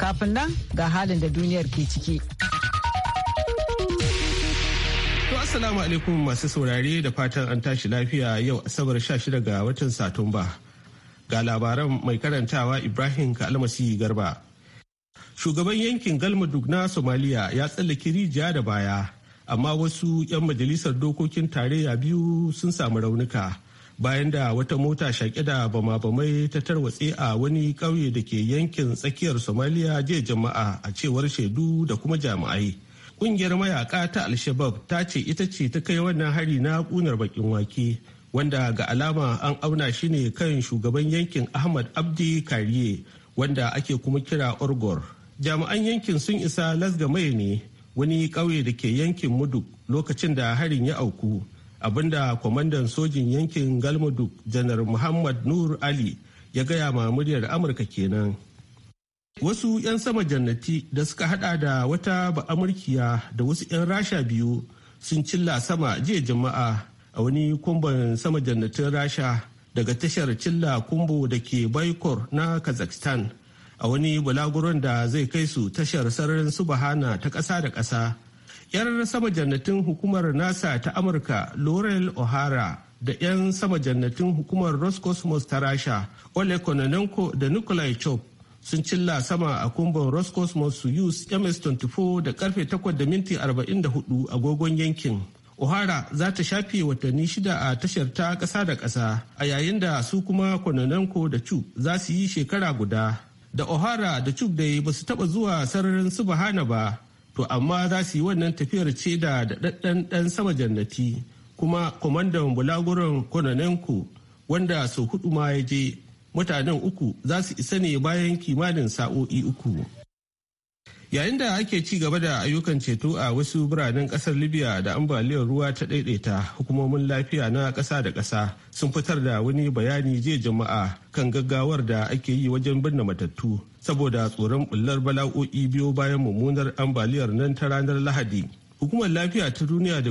Kafin nan ga halin da duniyar ke ciki. To Assalamu alaikum masu saurare da fatan an tashi lafiya yau Asabar 16 ga watan Satumba. Ga labaran mai karantawa Ibrahim Kalmasi Garba. Shugaban yankin Galma na Somaliya ya tsallake rijiya da baya, amma wasu 'yan majalisar dokokin tarayya biyu sun samu raunuka. bayan da wata mota shaƙe da bama-bamai ta tarwatse a wani ƙauye da ke yankin tsakiyar somaliya jiya jama'a a cewar shaidu da kuma jami'ai ƙungiyar mayaƙa ta alshabab ta ce ita ce ta kai wannan hari na ƙunar baƙin wake wanda ga alama an auna shi ne kan shugaban yankin ahmad abdi kariye wanda ake kuma kira orgor jami'an yankin sun isa lasga mai ne wani ƙauye da ke yankin muduk lokacin da harin ya auku abinda kwamandan sojin yankin galmudug janar muhammad nur ali ya gaya ma muryar amurka kenan wasu 'yan sama jannati da suka hada da wata ba'amurkiya da wasu 'yan rasha biyu sun cilla sama jiya jama'a a wani kumban sama jannatin rasha daga tashar cilla kumbo da ke baikor na kazakhstan a wani bulaguron da zai kai su tashar sararin subahana ta ƙasa da ƙasa 'Yar sama jannatin hukumar NASA ta Amurka Laurel O'Hara da 'yan sama jannatin hukumar Roscosmos ta Rasha Ole Kononenko da Nikolai Chop sun cilla sama a kumban Roscosmos su yus MS-24 da karfe 8:44 agogon yankin. O'Hara za ta shafe watanni shida a tashar ta kasa da kasa a yayin da su kuma Kononenko da Chu za su yi shekara guda. Da O'Hara da Chu dai ba su taɓa zuwa sararin bahana ba to amma za su yi wannan tafiyar ce da daɗaɗɗen ɗan sama jannati kuma kwamandan bulaguron kononenko wanda sau hudu ma ya je mutanen uku za su isa ne bayan kimanin sa'o'i uku. yayin da ake ci gaba da ayyukan ceto a wasu biranen kasar libya da ambaliyar ruwa ta daidaita hukumomin lafiya na kasa da kasa sun fitar da wani bayani jiya jama'a kan gaggawar da ake yi wajen binne matattu saboda tsoron bullar bala'o'i biyo bayan mummunar ambaliyar nan ta ranar lahadi hukumar lafiya ta duniya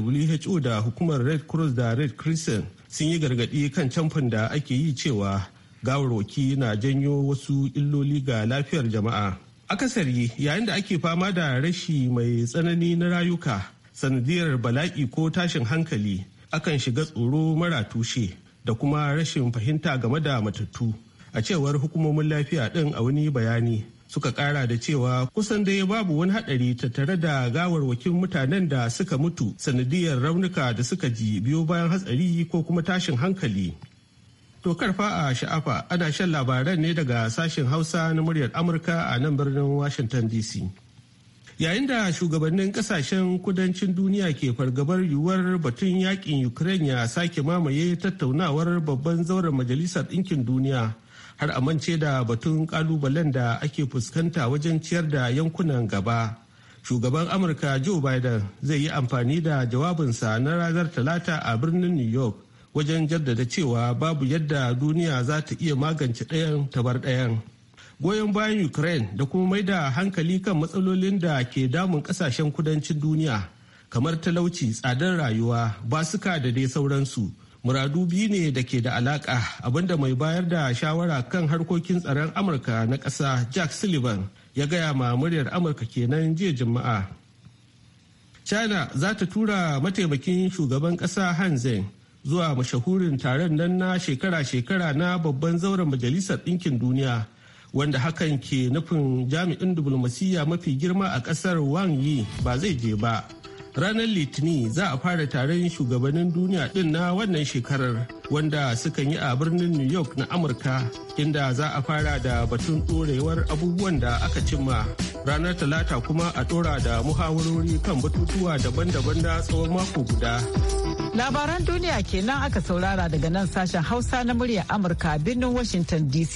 who da hukumar red cross da red crescent sun yi gargadi kan camfin da ake yi cewa gawarwaki na janyo wasu illoli ga lafiyar jama'a akasari yayin da ake fama da rashi mai tsanani na rayuka sanadiyar bala'i ko tashin hankali akan shiga tsoro mara tushe da kuma rashin fahimta game da matattu a cewar hukumomin lafiya ɗin a wani bayani suka ƙara da cewa kusan dai babu wani hadari tattare da gawarwakin mutanen da suka mutu sanadiyar raunuka da suka ji biyo bayan hatsari ko kuma tashin hankali To karfa a sha'afa ana shan labaran ne daga sashen Hausa na muryar Amurka a nan birnin Washington DC. Yayin da shugabannin kasashen kudancin duniya ke fargabar yiwuwar batun yakin Ukraine ya sake mamaye tattaunawar babban zauren Majalisar Ɗinkin Duniya har amince da batun kalubalen da ake fuskanta wajen ciyar da yankunan gaba. Shugaban Amurka Joe Biden zai yi amfani da jawabinsa na ranar Talata a birnin New York. wajen jaddada cewa babu yadda duniya za ta iya magance ɗayan bar ɗayan. Goyon bayan Ukraine da kuma mai da hankali kan matsalolin da ke damun ƙasashen kudancin duniya kamar talauci tsadar rayuwa basuka da dai sauransu. Muradu biyu ne da ke da alaka abinda mai bayar da shawara kan harkokin tsaron Amurka na ƙasa Jack Sullivan ya gaya ma muryar Amurka kenan jiya Juma'a. China za ta tura mataimakin shugaban ƙasa Han Zeng zuwa mashahurin taron nan na shekara-shekara na babban zauren majalisar ɗinkin duniya wanda hakan ke nufin jami'in diflomasiyya mafi girma a ƙasar wang yi ba zai je ba ranar litinin za a fara taron shugabannin duniya din na wannan shekarar wanda suka yi a birnin new york na amurka inda za a fara da batun ɗorewar abubuwan da aka cimma ranar talata kuma a ɗora da muhawarori kan batutuwa daban-daban na tsawon mako guda labaran duniya kenan aka saurara daga nan sashen hausa na murya amurka birnin washington dc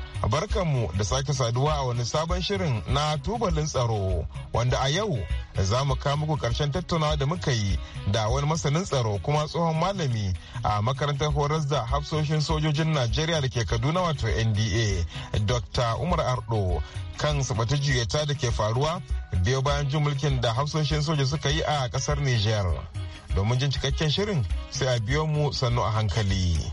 barkanmu da sake saduwa a wani sabon shirin na tubalin tsaro wanda a yau za mu kawo muku karshen tattaunawa da muka yi da wani masanin tsaro kuma tsohon malami a makarantar horas da hafsoshin sojojin najeriya da ke kaduna wato nda dr umar ardo kan sabata juyata da ke faruwa biyo bayan jin mulkin da hafsoshin soja suka yi a kasar niger domin jin cikakken shirin sai a biyo mu sannu a hankali.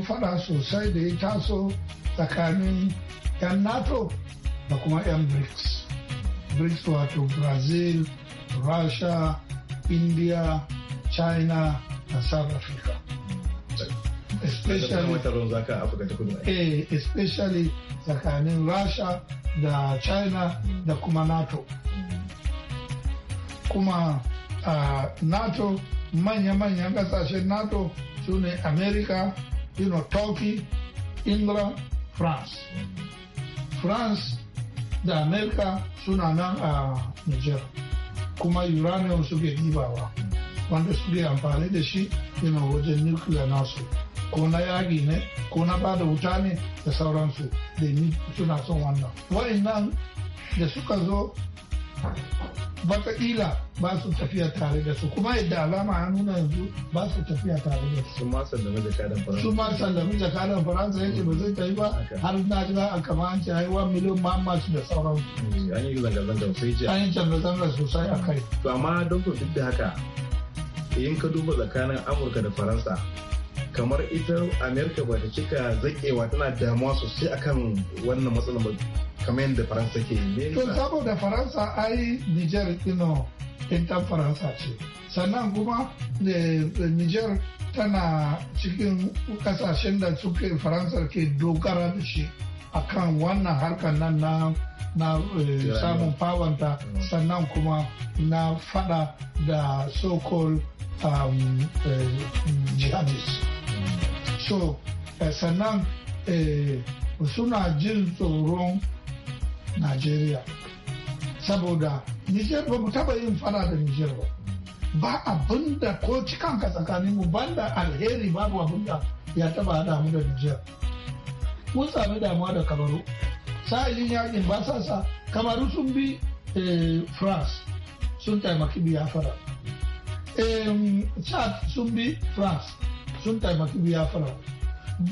wannan fada sosai da ya taso tsakanin 'yan nato da kuma 'yan brics brics wato brazil russia india china da south africa especially, eh, especially tsakanin russia da china da kuma nato kuma ah, nato manya-manyan kasashen nato su ne america you know, Turkey, England, France. France da America suna nan a Niger kuma uranium suke dibawa wanda suke amfani da shi you wajen nuclear nasu ko na yaki ne ko na bada wuta ne da sauransu da suna son wannan nan da suka zo wataƙila ba su tafiya tare da su kuma yadda alama ya nuna yanzu ba su tafiya tare da su. Sun ma sallami jakadan Faransa. Sun Faransa yake ba zai tafi ba har na ji a kama an ce haihuwa miliyan mamaci da sauran. Mm, an yi zanga-zanga sosai ce. An yi zanga-zanga sosai a kai. To amma doktor duk da haka in ka duba tsakanin Amurka da Faransa kamar ita Amerika ba ta cika zaƙewa tana damuwa sosai akan wannan matsalar kamar yadda faransa ke yi to saboda faransa ayi niger ino intan faransa ce sannan kuma niger tana cikin kasashen da suke faransa ke dogara da shi akan wannan harkar nan na na samun pawanta sannan kuma na eh, fada da so-called um, eh, mm. so eh, sannan suna jin tsoron Najeriya. Saboda Nijar ba mu taba yin fara da Nijar ba. Ba abin da ko cikanka tsakanin mu da alheri babu abin da ya taba hada mu da Nijar. Mun sami damuwa da Kamaru. Sa'ilin yakin ba sa sa Kamaru eh, sun bi France sun taimaki Biafra. Chad sun bi France sun taimaki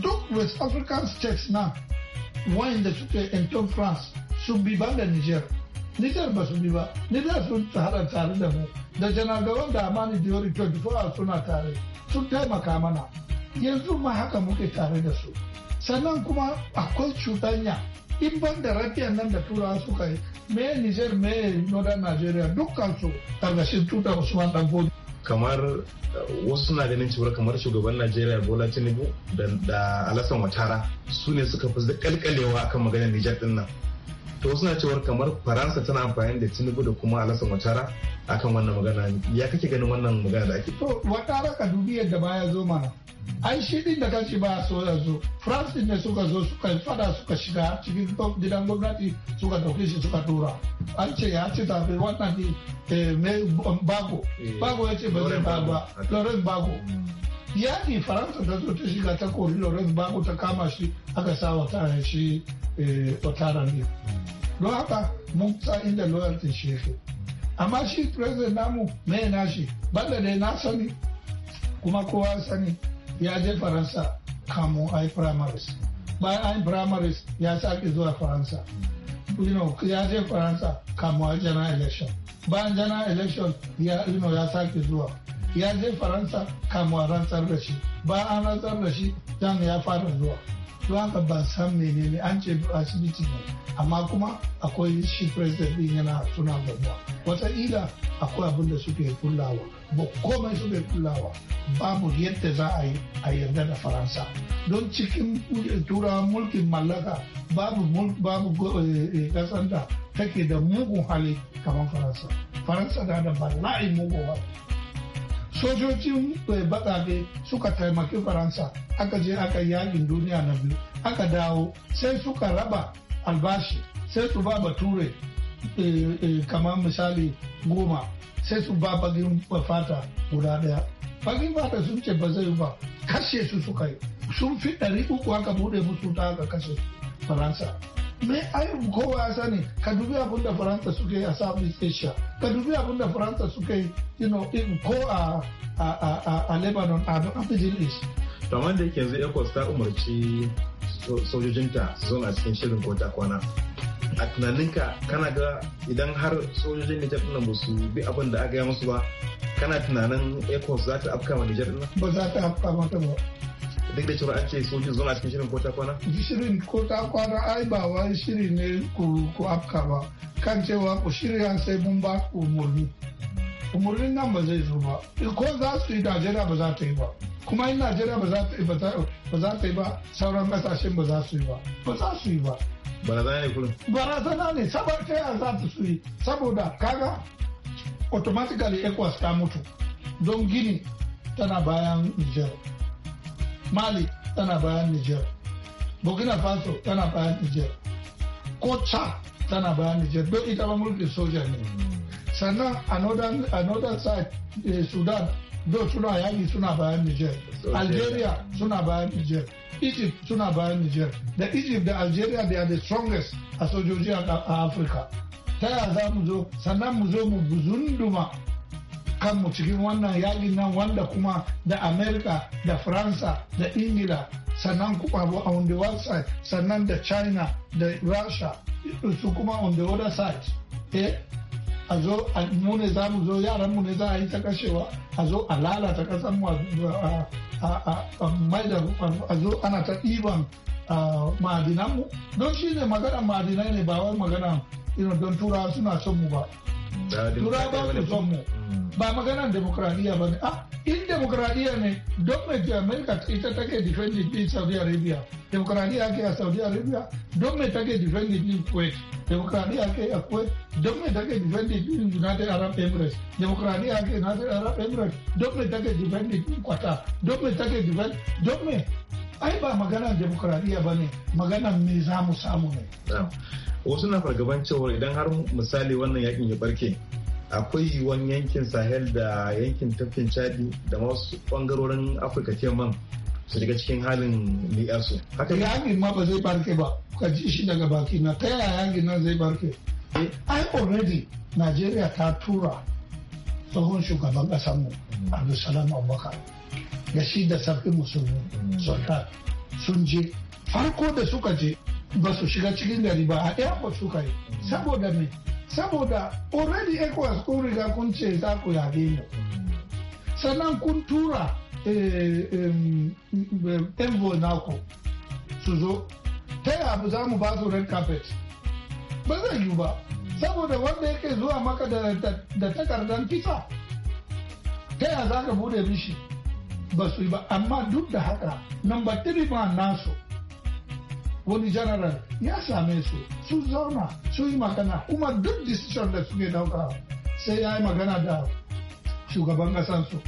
Duk West African states na da suke 'yanton France sun bi ban da Nijar. Nijar ba su bi ba, Nijar sun hada tare da mu. Da janar da Amani Diori 24 suna tare, sun taimaka mana. Yanzu ma haka muke tare da su. Sannan kuma akwai cutanya. In ban da rafiyan nan da turawa suka yi, me Nijar me Northern Nigeria dukkan su karkashin tutar Usman Danfodi. kamar uh, wasu suna ganin cewar kamar shugaban najeriya bola tinubu da alasan watara su ne suka fi kalkalewa akan maganar nijar din nan to suna cewar kamar faransa tana amfani da tinubu da kuma alasan a akan wannan magana ya kake ganin wannan magana da ake to watara ka dubi yadda baya zo mana ai shi din da kanshi ba so da zo france din ne suka zo suka fada suka shiga cikin gidan gwamnati suka dauke shi suka dora an ce ya ce tafi wannan ne eh, bago eh, bago ya ce ba zai ba ba bago Yadi faransa ta zo ta shiga ta kori lawrence babu ta kama shi aka sa wata shi watara eh, ne don haka mun sa inda loyalty shi yake amma shi president namu mai nashi banda da na sani kuma kowa sani ya je faransa kamun ai primaries bayan ai primaries ya sake zuwa faransa you know, ya je faransa kamun ai general election bayan general election ya, you know, ya sake zuwa ya je faransa kamuwa rantsar da shi ba an rantsar da shi jan ya fara zuwa don haka ba san menene an ce asibiti ne amma kuma akwai shi president din yana tuna gabuwa wataƙila akwai abin da suke kullawa ba komai suke kullawa babu yadda za a yi a yarda da faransa don cikin turawan mulkin mallaka babu babu kasar eh, eh, da take da mugun hali kamar faransa faransa da da bala'in mugun sojojin eh, baƙaƙe suka taimaki faransa aka je aka yakin duniya na biyu aka dawo sai suka raba albashi sai su ba bature eh, eh, kamar misali goma sai su ba bagin fata guda ɗaya bagin fata sun ce ba zai ba kashe su suka yi sun fi ɗari uku aka buɗe musu ta aka kashe faransa me ai kowa ya sani ka dubi abin da faransa suka yi a southeast asia ka dubi abin da faransa suka yi you know in ko a a lebanon a abidjan east to da yake yanzu ecos ta umarci sojojinta su zauna cikin shirin kota kwana a tunaninka kana ga idan har sojojin Nijar ɗin ba su bi abin da aka yi musu ba kana tunanin ecos za ta afka Nijar ɗin ba za ta afka mata ba duk da cewa an ce sojin zuwa cikin shirin kota kwana? Shirin kota kwana ai ba wai shiri ne ku afka ba kan cewa ku shirya sai mun ba ku umarni. Umarnin nan ba zai zo ba. Ko za su yi Najeriya ba za ta yi ba. Kuma in Najeriya ba za ta yi ba sauran kasashen ba za su yi ba. Ba za su yi ba. Barazana ne kullum. Barazana ne saboda ta yaya za ta su yi saboda kaga automatically ECOWAS ta mutu don gini tana bayan Nijar. mali tana bayan niger burkina faso tana bayan niger ko chad tana bayan niger don ita ba mulkin soja ne sannan a northern side eh, sudan do suna yaƙi suna bayan niger algeria suna bayan niger egypt suna bayan niger da egypt da algeria they are the strongest a sojoji a afirka ta yaya za mu zo sannan mu zo mu buzunduma kanmu cikin wannan yaƙin nan wanda kuma da amerika da faransa da ingila sannan kuma on the one side sannan da china da russia su kuma on the other side eh a zo mu ne za mu zo yaran mu ne za a yi ta kashewa a zo a lalata kasan mu a mai da a zo ana ta ɗiban ma'adinan mu don shi ne magana ma'adinai ne ba wai magana don turawa suna son mu ba tura ba su son mu hmm. ba maganar demokradiyya ba ne ah in demokradiyya ne don mai america ita take defending din saudi arabia demokradiyya ake a saudi arabia don mai take defending din kuwait demokradiyya ake a kuwait don mai take defending din united arab emirates demokradiyya ake united arab emirates don mai take defending din qatar don mai take defend don mai ai ba maganar demokradiyya ba ne maganar me za mu samu ne wasu na fargaban cewa idan har misali wannan yakin ya barke akwai yiwuwan yankin sahel da yankin tafkin chadi da wasu bangarorin afirka teman su daga cikin halin liyasu haka ne yakin ma ba zai barke ba ka ji shi daga baki na ta yaya yankin nan zai barke eh. ai already najeriya ta tura tsohon shugaban kasar mu. Mm. abdulsalam abubakar da shi da sarfin musulmi mm. sultan sun je farko da suka je ba su shiga cikin gari ba a ɗaya airport suka yi saboda me saboda already ecowas kun riga kun ce za ku yare mu sannan kun tura eh, eh, envoy naku su zo ta yi abu za mu ba su red carpet ba zai yiwu ba saboda wanda yake zuwa maka da takardar fita ta yi za ka bude mishi ba su yi ba amma duk da haka number 3 ma nasu wani janaral ya same su su zauna su yi magana kuma duk decision da suke dauka sai ya yi magana da shugaban kasansu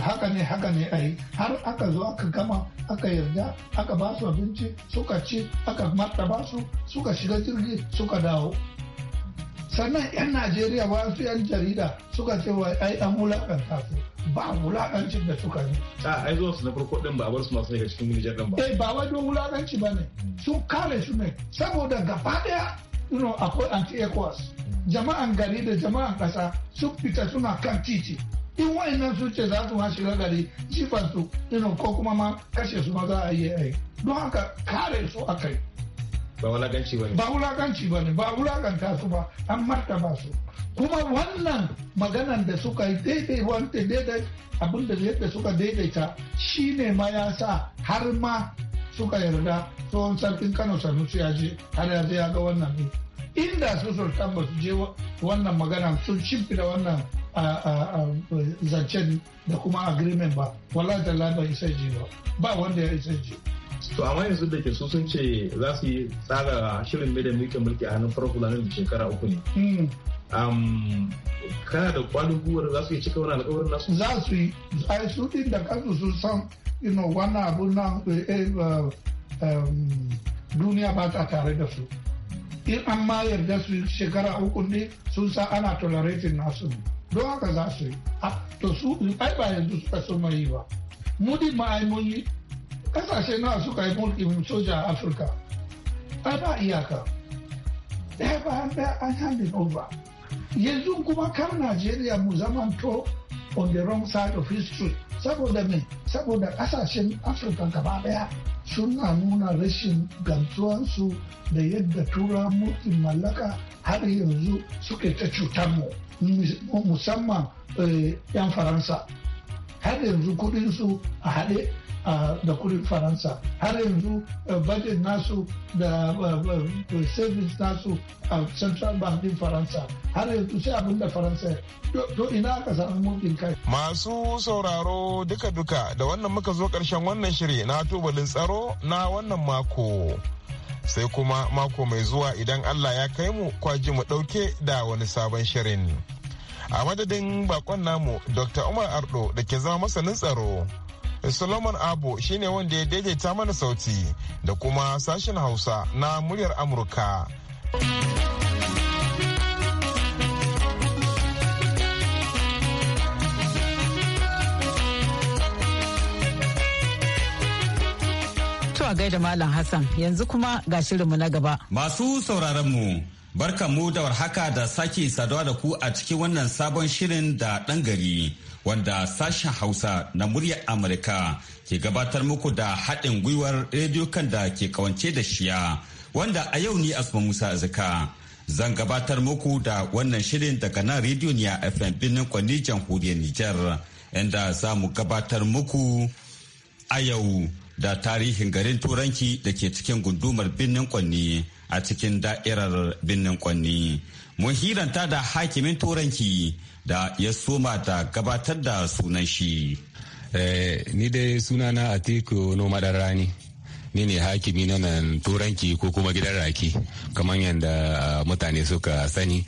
haka ne haka ne a har aka zo aka gama aka yarda aka ba su abinci suka ci aka ba su suka shiga jirgi suka dawo sannan 'yan najeriya su 'yan jarida suka ce wa ai an wulakanta su ba wulakancin da suka yi. A ai zuwa su na farko din ba a bar su masu daga cikin Nijar din ba. Eh ba wai don ba ne. Sun kare su ne saboda gaba daya you akwai anti-ECOWAS. Jama'an gari da jama'an kasa sun fita suna kan titi. In wa'annan sun ce za su ma shiga gari jifansu su know, ko kuma ma kashe su ma za a yi. Don haka kare su a kai. ba wulakanci ba ne ba wulakanci wulakanta su ba an martaba su kuma wannan maganan da suka yi daidai wanda daidai abin da yadda suka daidaita shine ma ya sa har ma suka yarda tsohon sarkin kano sanusi ya je har ya ya ga wannan ne inda su sultan ba su je wannan magana sun shimfida wannan zancen da kuma agreement ba wallahi da lada isa je ba ba wanda ya isa je to amma yanzu da ke su sun ce za su yi tsara shirin mai da mulki a hannun farar da shekara uku ne hmm. kana da kwanin guwar za su yi cika wani alkawarin nasu? Za su yi, za su ɗin da kansu su san wani abu na duniya ba ta tare da su. In an ma yarda su shekara uku ne sun san ana tolerating nasu don haka za su yi. To su ai ba yanzu suka so yi ba. Mudi din ma mun yi kasashe na suka yi mulkin soja a Afirka. Ai ba iyaka. Ɗaya ba an ɗaya an handin over. yanzu kuma kar najeriya mu zamanto on the wrong side of history saboda me saboda kasashen afirka gaba daya suna nuna rashin gamsuwansu da yadda tura mutum mallaka har yanzu suke ta cutar mu musamman eh, 'yan faransa har yanzu kudinsu a haɗe da kudin faransa har yanzu eh, budget nasu da eh, eh, service nasu a central bank din faransa har yanzu sai abin da faransa to ina ka samu mulkin kai masu sauraro duka-duka da wannan muka zo karshen wannan shiri na tubalin tsaro na wannan mako sai kuma mako mai zuwa idan allah ya kai mu kwaji mu dauke da wani sabon shirin a madadin bakon namu dr umar ardo da ke zama masanin tsaro solomon abo shine wanda ya daidaita mana sauti da kuma sashen hausa na muryar amurka a gaida Malam Hassan yanzu kuma ga shirinmu na gaba. Masu sauraronmu barka mu da warhaka da sake saduwa da ku a cikin wannan sabon shirin da ɗan gari wanda sashen Hausa na muryar Amurka ke gabatar muku da haɗin gwiwar rediyo kan da ke kawance da shiya wanda a yau ni Asma Musa Zika. Zan gabatar muku da wannan shirin daga nan rediyo ne a FM birnin Kwani jamhuriyar Nijar inda za mu gabatar muku a yau da tarihin garin Turanki da ke cikin gundumar birnin Kwani a cikin da'irar birnin Kwani. Mun hiranta da hakimin Turanki da ya soma da gabatar da sunan shi. Eh, ni dai sunana a noma da Rani. ni ne hakimi na nan turanki ko kuma gidan raki kamar yadda ah, mutane suka sani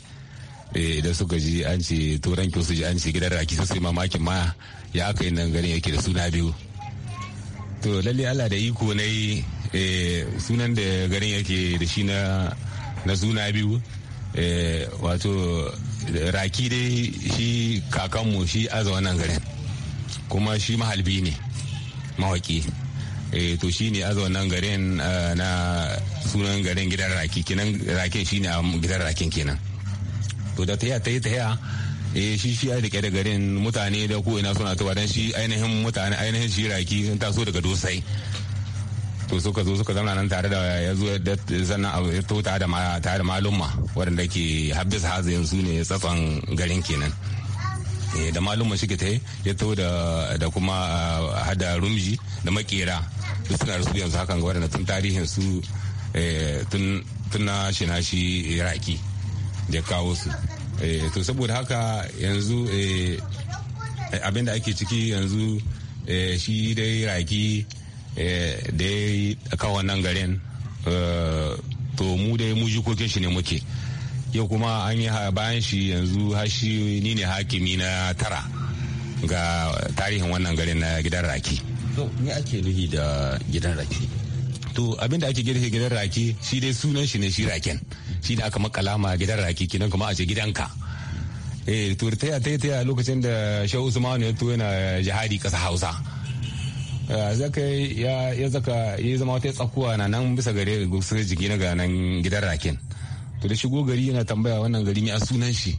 eh, idan suka ji an ce turanki su ji an ce gidan raki sai mamakin ma ya aka yi nan garin yake da suna biyu to lalle allah da iko na yi eh, sunan da garin yake da shi na suna biyu wato raki dai shi kakanmu shi aza wannan garin kuma shi mahalbi ne mawaki e, eh, to shi ne aza wannan garin eh, na sunan garin gidan raki kenan rakin shi ne a gidan rakin kenan to da ta ta yi ta e, eh, shi shi ai rike da garin mutane da ko ina suna tuba dan shi ainihin mutane ainihin shi raki ta so daga dosai to suka zo suka zama nan tare da ya zo sannan ya to tare da malumma waɗanda ke habis haza yanzu ne tsatson garin kenan eh, da malumma shi ta ya to da kuma ah, hada rumji da makera duk suna rasu yanzu hakan ga waɗanda tun tarihin su eh, tun na shi na shi iraki da kawo su eh, to saboda haka yanzu abinda ake ciki yanzu shi dai raki Eh, da ya yi kan wannan garin eh, to mu dai mu jikokin shi ne muke yau kuma an yi bayan shi yanzu hashi ni ne hakimi na tara ga tarihin wannan garin na gidan raki to ni ake nuhi da gidan raki to abinda ake girki gidan raki shi dai sunan shi ne shi raken shi da aka makala ma gidan raki kinan kuma a ce gidanka eh to ta ta lokacin da shehu usman ya to yana jihadi kasa hausa Eh, zakai ya zaka ya zama wata tsakuwa na nan bisa gare sai jiki na ga nan gidan raken to da shigo gari yana tambaya wannan gari ne a sunan shi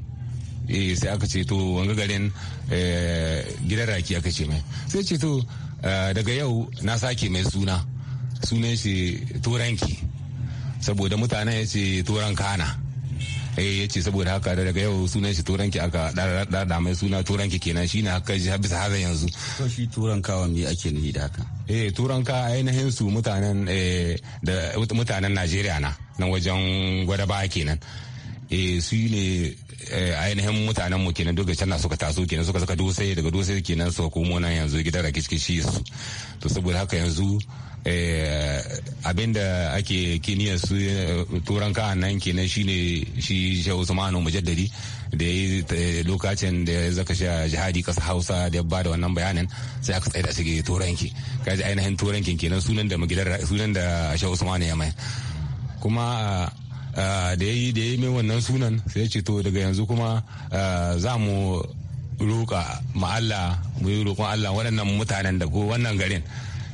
eh sai aka ce to wanga garin eh, gidan raki aka ce mai sai ce to eh, daga yau na sake mai suna sunan shi turanki saboda mutanen ya ce turan kana eh yace saboda haka daga yau sunan shi turanki aka dada mai suna turanki kenan shi ne haka bisa haka yanzu to shi wa me ake nufi da haka eh turanka ainihin su mutanen eh, da mutanen Najeriya na nan wajen gwadaba kenan eh su ne eh, ainihin mutanen mu kenan duka can suka taso kenan suka saka dosai daga dosai kenan suka komo nan yanzu gidan rakiskishi su to saboda haka yanzu Eh, abin da ake kiniyar su eh, turan kahan nan kenan shine shi shehu usmanu mujaddadi da ya yi eh, lokacin da ya zaka sha jihadi kasa hausa da ya ba da wannan bayanin sai aka tsaye da shi turanki kaji ainihin ki kenan sunan da magidar sunan da shehu usmanu ya mai kuma da ya yi da ya mai wannan sunan sai ya ce to daga yanzu kuma za mu roƙa ma Allah mu yi roƙon Allah waɗannan mutanen da ko wannan garin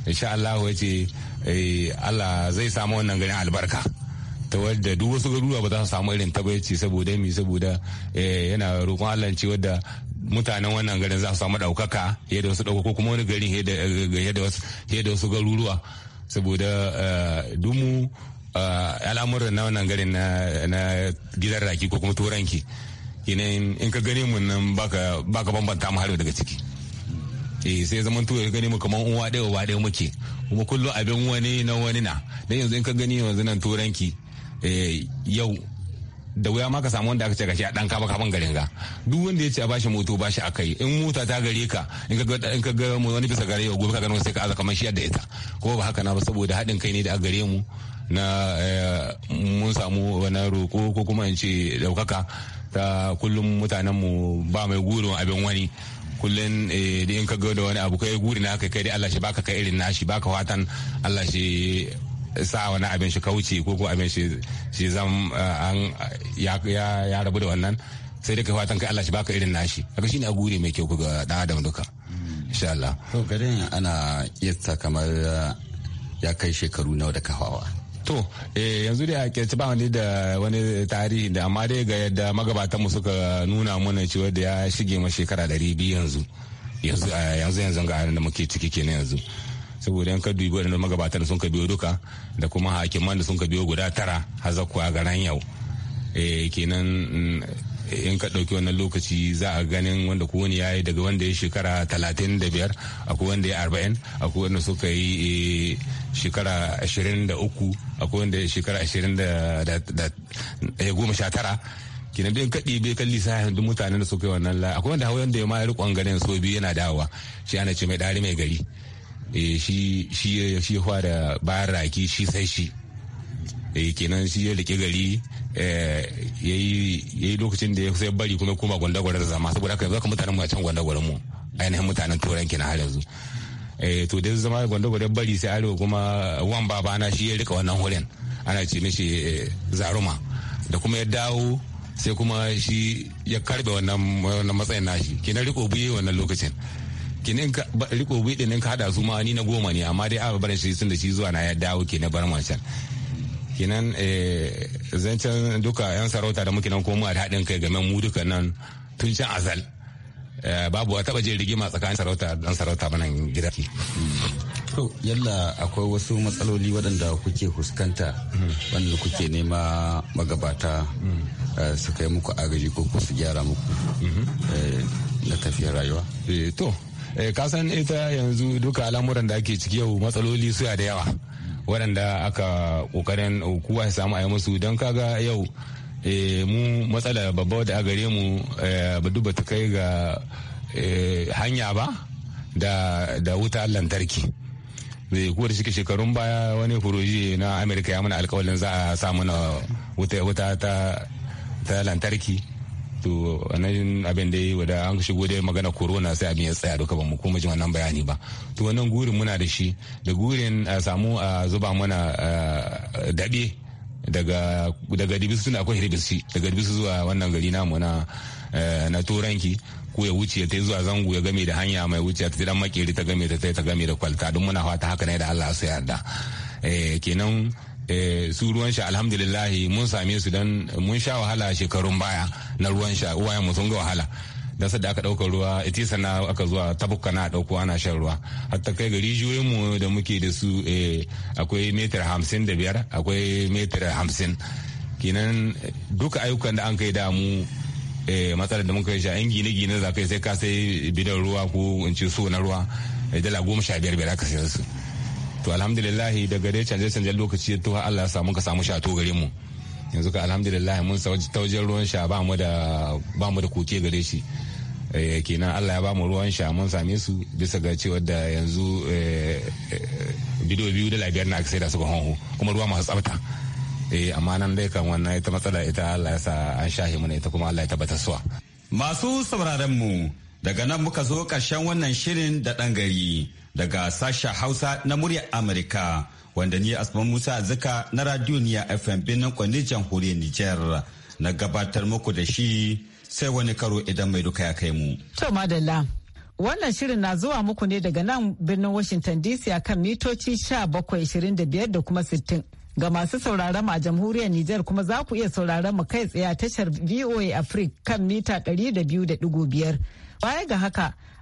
insha Allah ya ce eh, Allah zai samu wannan ganin albarka ta wadda duk wasu garuruwa ba za su samu irin tabbaci saboda mi saboda eh, yana roƙon Allah ce wadda mutanen wannan garin za su samu ɗaukaka yadda wasu ɗauka ko kuma wani garin yadda eh, wasu garuruwa saboda dumu al'amuran na wannan garin na gidan raki ko kuma turanki yanayin in ka gane mun nan baka bambanta mu har daga ciki. eh sai zaman tuwo ya gani mu kamar uwa ɗaya uwa ɗaya muke kuma kullum abin wani na wani na dan yanzu in ka gani yanzu nan turanki eh yau da wuya ma ka samu wanda aka ce ka shi a dan kaba kaban garin ga duk wanda ya ce a bashi moto bashi a kai in mota ta gare ka in ka ga in ka ga wani bisa gare yau gobe ka gano sai ka aza kamar shi da ita ko ba haka na ba saboda haɗin kai ne da a gare mu na eh, mun samu wani roko ko kuma in ce daukaka ta kullum mutanen mu ba mai gurin abin wani kullum eh, da in ka da wani abu kai guri na kai kai da Allah shi baka kai irin nashi baka watan Allah shi sa wani abin shi kauce ko ko abin shi zan zam eh, an ya ya rabu da wannan sai dai kai fatan kai Allah shi baka irin nashi haka shine a guri mai kyau ga dan adam duka insha Allah to garin ana iya kamar eh, ya kai shekaru nawa da kafawa to eh, yanzu dai a kirci ba wani da wani tarihi da amma dai ga yadda magabatan mu suka nuna mana cewa da ya shige ma shekara ɗari biyu yanzu yanzu yanzu ga da muke ciki kenan yanzu saboda yan ka dubi waɗanda magabatan sun ka biyo duka da kuma hakiman da sun ka biyo guda tara har zakkuwa garan yau eh, kenan in ka ɗauki wannan lokaci za a ganin wanda kowane ya yi daga wanda ya shekara talatin da biyar akwai wanda ya arba'in akwai wanda suka yi eh, shekara ashirin da uku akwai wanda ya shekara ashirin da goma sha tara kinan din kaɗi bai kalli sahihin duk mutanen da suka yi wannan la akwai wanda hawayen da ya ma ya riƙon ganin so biyu yana dawowa shi ana ce mai ɗari mai gari eh, shi shi shi fara bayan raki shi sai shi eh, kenan shi ya riƙe gari Eh, ya yi lokacin da ya kusa bari kuma koma gwanda da zama saboda haka yanzu haka mutanen mu a can gwanda mu ainihin mutanen turan kina har yanzu eh, to da zama gwanda-gwanda bari sai arewa kuma wan na shi ya rika wannan holen ana ce mishi eh, zaruma da kuma ya dawo sai kuma shi ya karbe wannan matsayin nashi Kina riko buye wannan lokacin kenan riko buye din ka hada su ma ni na goma ne amma dai aka bar shi sun da shi zuwa na ya dawo kina bar wancan kinan eh, zancen duka 'yan sarauta da muke nan kuma da haɗin kai game mu duka nan tun can azal eh, babu a taɓa jin rigima tsakanin sarauta dan sarauta nan gida to yalla akwai wasu matsaloli waɗanda kuke fuskanta wanda kuke nema magabata eh, su kai muku agaji ko su gyara muku na tafiyar rayuwa to kasan ita yanzu duka al'amuran da ake ciki yau matsaloli suya da yawa waɗanda aka ƙoƙarin kowa ya samu a yi musu don kaga yau eh, mu matsala babba da a gare mu eh, ba duba ta kai ga eh, hanya ba da wuta lantarki kuwa da shekarun baya wani furoji na amerika ya mana alkawalin za a samu na wuta ta lantarki to nan abin da yi wada an shigo da magana corona sai abin ya tsaya duka ba mu kuma ji wannan bayani ba to wannan gurin muna da shi da gurin a samu a zuba mana dabe daga daga dibis tun akwai hirbisi daga dibisu zuwa wannan gari namu na na turanki ko ya wuce ta zuwa zango ya game da hanya mai wuce ta dan makeri ta game ta ta game da kwalta don muna fata haka ne da Allah su yarda eh kenan Eh, su ruwan sha alhamdulillah mun same su don mun sha wahala shekarun baya na ruwan sha uwayen mu sun ga wahala da sadda aka ɗaukar ruwa itisa na aka zuwa tabukka na ɗauko ana shan ruwa hatta kai gari juyin mu da muke da su eh, akwai metar hamsin da biyar akwai metar hamsin kinan duka ayyukan da an kai da mu eh, matsalar da muka yi sha'in gine-gine za kai sai ka sai bidan ruwa ko in ce so na ruwa dala goma sha biyar biyar aka sai su to alhamdulillah da gare canje canje lokaci ya tuha Allah ya samu ka samu shato gare mu yanzu ka alhamdulillah mun sa wajen ruwan sha ba mu da ba mu da koke gare shi eh, kenan Allah ya ba mu ruwan sha mun same su bisa ga cewa da yanzu eh, bidiyo biyu da labiyar na aksaida suka honho kuma ruwa masu tsafta eh, amma nan dai kan wannan ita matsala ita Allah ya sa an shahi mana ita kuma Allah ya tabbatar suwa masu sauraron mu daga nan muka zo karshen wannan shirin da dan gari daga sasha Hausa na murya Amurka wanda ni Asman Musa Zika na Radio Niya FM birnin Kwani jamhuriyar Nijar na gabatar muku da shi sai wani karo idan mai duka ya kai mu. To madalla. Wannan shirin na zuwa muku ne daga nan birnin Washington DC a kan mitoci 1725 da kuma 60. Ga masu sauraron mu a jamhuriyar Nijar kuma za ku iya sauraron mu kai tsaye tashar VOA Africa kan mita 200.5. Baya ga haka,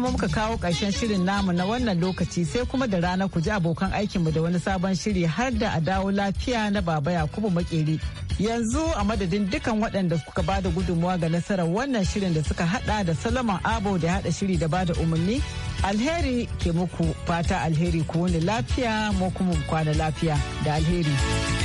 kuma muka kawo ƙarshen shirin namu na wannan lokaci sai kuma da rana ku ji abokan aikinmu da wani sabon shiri har da a dawo lafiya na baba yakubu makeri yanzu a madadin dukan waɗanda suka ba da gudunmuwa ga nasarar wannan shirin da suka hada da salaman abo da hada shiri da bada umarni alheri ke muku fata alheri ku wani lafiya mu kuma kwana lafiya da alheri.